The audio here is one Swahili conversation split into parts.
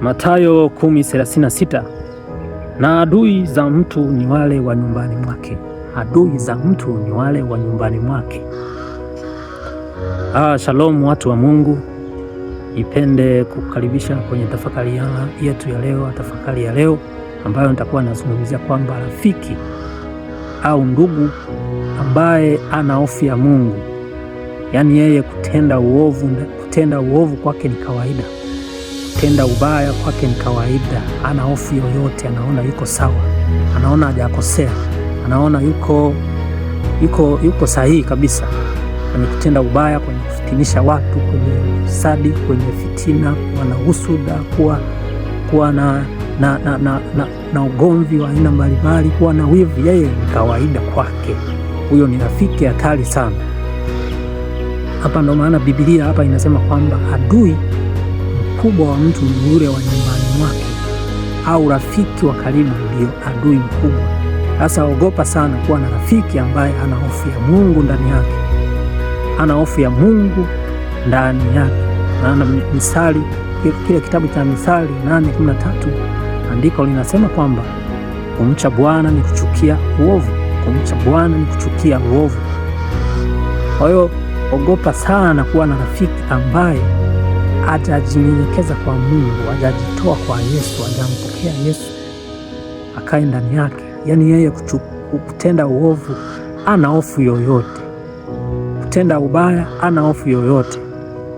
Mathayo 10:36. Na adui za mtu ni wale wa nyumbani mwake. Adui za mtu ni wale wa nyumbani mwake. Ah, shalom watu wa Mungu, nipende kukaribisha kwenye tafakari yetu ya leo, tafakari ya leo ambayo nitakuwa nazungumzia kwamba rafiki au ndugu ambaye ana hofu ya Mungu, yaani yeye kutenda uovu, kutenda uovu kwake ni kawaida kutenda ubaya kwake ni kawaida, hana hofu yoyote, anaona yuko sawa, anaona hajakosea, anaona yuko, yuko, yuko sahihi kabisa kwenye kutenda ubaya, kwenye kufitinisha watu, kwenye ufisadi, kwenye fitina, kuwa na husuda, kuwa, kuwa na, na, na, na, na, na ugomvi wa aina mbalimbali, kuwa na wivu, yeye ni kawaida kwake. Huyo ni rafiki hatari sana. Hapa ndo maana Biblia hapa inasema kwamba adui mkubwa wa mtu ni yule wa nyumbani mwake au rafiki wa karibu ndio adui mkubwa. Sasa ogopa sana kuwa na rafiki ambaye ana hofu ya Mungu ndani yake, ana hofu ya Mungu ndani yake. Maana Misali, kile kitabu cha Misali 8:13 andiko linasema kwamba kumcha Bwana ni kuchukia uovu, kumcha Bwana ni kuchukia uovu. Kwa hiyo ogopa sana kuwa na rafiki ambaye atajinyenyekeza kwa Mungu, ajajitoa kwa Yesu, ajampokea Yesu akae ndani yake, yaani yeye kutenda uovu ana hofu yoyote, kutenda ubaya ana hofu yoyote,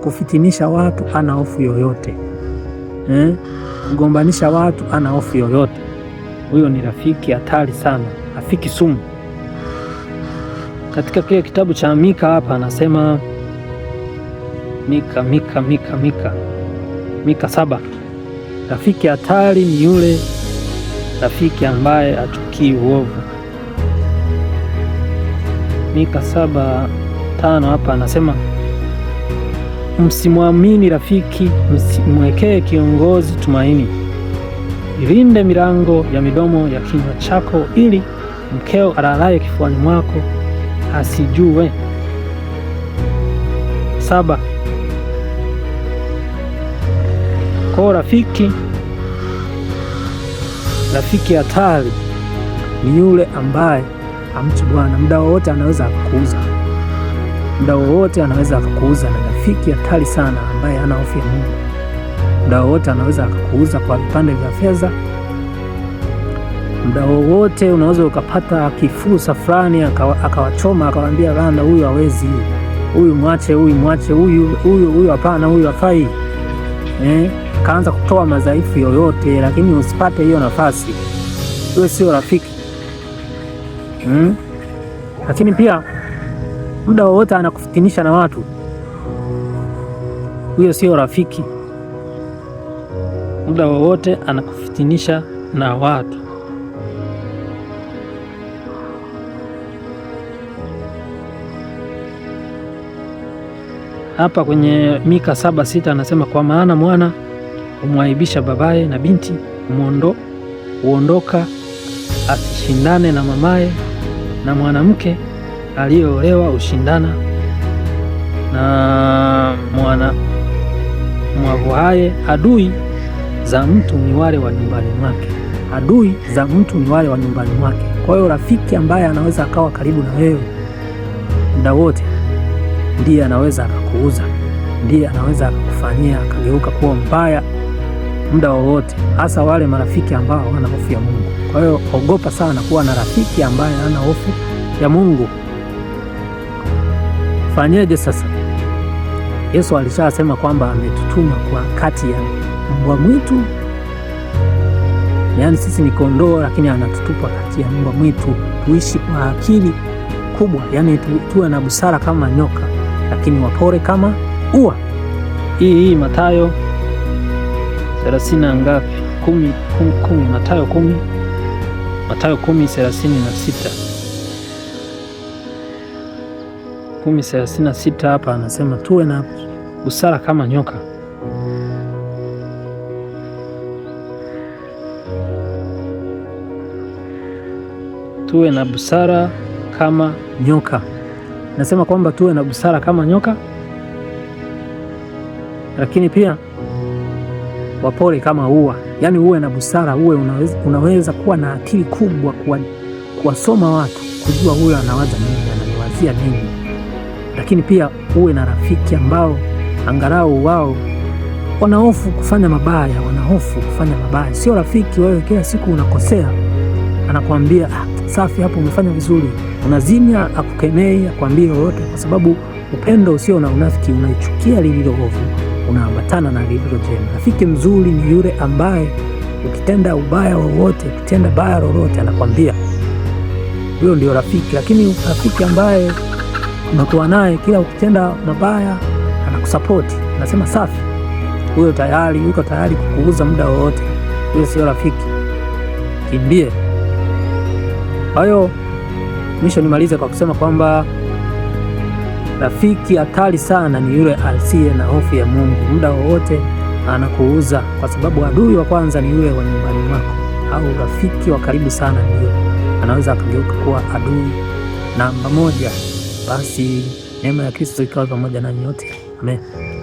kufitinisha watu ana hofu yoyote eh? kugombanisha watu ana hofu yoyote. Huyo ni rafiki hatari sana, rafiki sumu. Katika kile kitabu cha Mika hapa anasema Mika, Mika, Mika, Mika, Mika saba. Rafiki hatari ni yule rafiki ambaye achukii uovu. Mika saba tano hapa anasema msimwamini rafiki, msimwekee kiongozi tumaini. Ilinde milango ya midomo ya kinywa chako, ili mkeo alalaye kifuani mwako asijue. saba Kwa rafiki, rafiki hatari ni yule ambaye amtu Bwana, muda wowote anaweza akakuuza, muda wowote anaweza akakuuza. Na rafiki hatari sana ambaye ana hofu ya Mungu, muda wowote anaweza akakuuza kwa vipande vya fedha. Muda wowote unaweza ukapata kifursa fulani, akawachoma akawaambia, randa huyu hawezi, huyu mwache, huyu mwache, huyu huyu huyu, hapana, huyu hafai eh, kaanza kutoa madhaifu yoyote, lakini usipate hiyo nafasi, huyo sio rafiki hmm. Lakini pia muda wowote anakufitinisha na watu, huyo sio rafiki. Muda wowote anakufitinisha na watu. hapa kwenye Mika saba sita anasema kwa maana mwana humwaibisha babaye na binti mwondo, huondoka asishindane na mamaye, na mwanamke aliyeolewa hushindana na mwana mwavuhaye. Adui za mtu ni wale wa nyumbani mwake, adui za mtu ni wale wa nyumbani mwake. Kwa hiyo rafiki ambaye anaweza akawa karibu na wewe muda wote ndiye anaweza akakuuza, ndiye anaweza akakufanyia akageuka kuwa mbaya muda wowote, hasa wale marafiki ambao wana hofu ya Mungu. Kwa hiyo ogopa sana kuwa na rafiki ambaye hana hofu ya Mungu. Fanyeje sasa? Yesu alishasema kwamba ametutuma kwa kati ya mbwa mwitu, yaani sisi ni kondoo, lakini anatutupa kati ya mbwa mwitu. Tuishi kwa akili kubwa, yaani tuwe na busara kama nyoka lakini wapore kama ua. Hii hii Mathayo thelathini na ngapi? Kumi, kumi, kumi. Mathayo kumi, Mathayo kumi thelathini na sita kumi na sita hapa anasema tuwe na busara kama nyoka tuwe na busara kama nyoka nasema kwamba tuwe na busara kama nyoka, lakini pia wapole kama ua. Yaani uwe na busara, uwe unaweza, unaweza kuwa na akili kubwa, kuwasoma watu, kujua huyo anawaza nini, ananiwazia nini. Lakini pia uwe na rafiki ambao angalau wao wanahofu kufanya mabaya, wanahofu kufanya mabaya. Sio rafiki wewe kila siku unakosea, anakuambia ah, safi, hapo umefanya vizuri. Unazimia akukemei, akwambie yoyote, kwa sababu upendo usio na unafiki unaichukia lililo ovu, unaambatana na lililo jema. Rafiki mzuri ni yule ambaye ukitenda ubaya wowote, ukitenda baya lolote, anakwambia. Huyo ndio rafiki. Lakini rafiki ambaye unakuwa naye kila ukitenda mabaya anakusapoti, anasema safi, huyo tayari yuko tayari kukuuza muda wowote. Huyo sio rafiki, kimbie. Kwa hiyo mwisho nimalize kwa kusema kwamba rafiki hatari sana ni yule asiye na hofu ya Mungu, muda wowote anakuuza, kwa sababu adui wa kwanza ni yule wa nyumbani mwako, au rafiki wa karibu sana ndio anaweza akageuka kuwa adui namba moja. Basi neema ya Kristo ikawa pamoja na nyote, amen.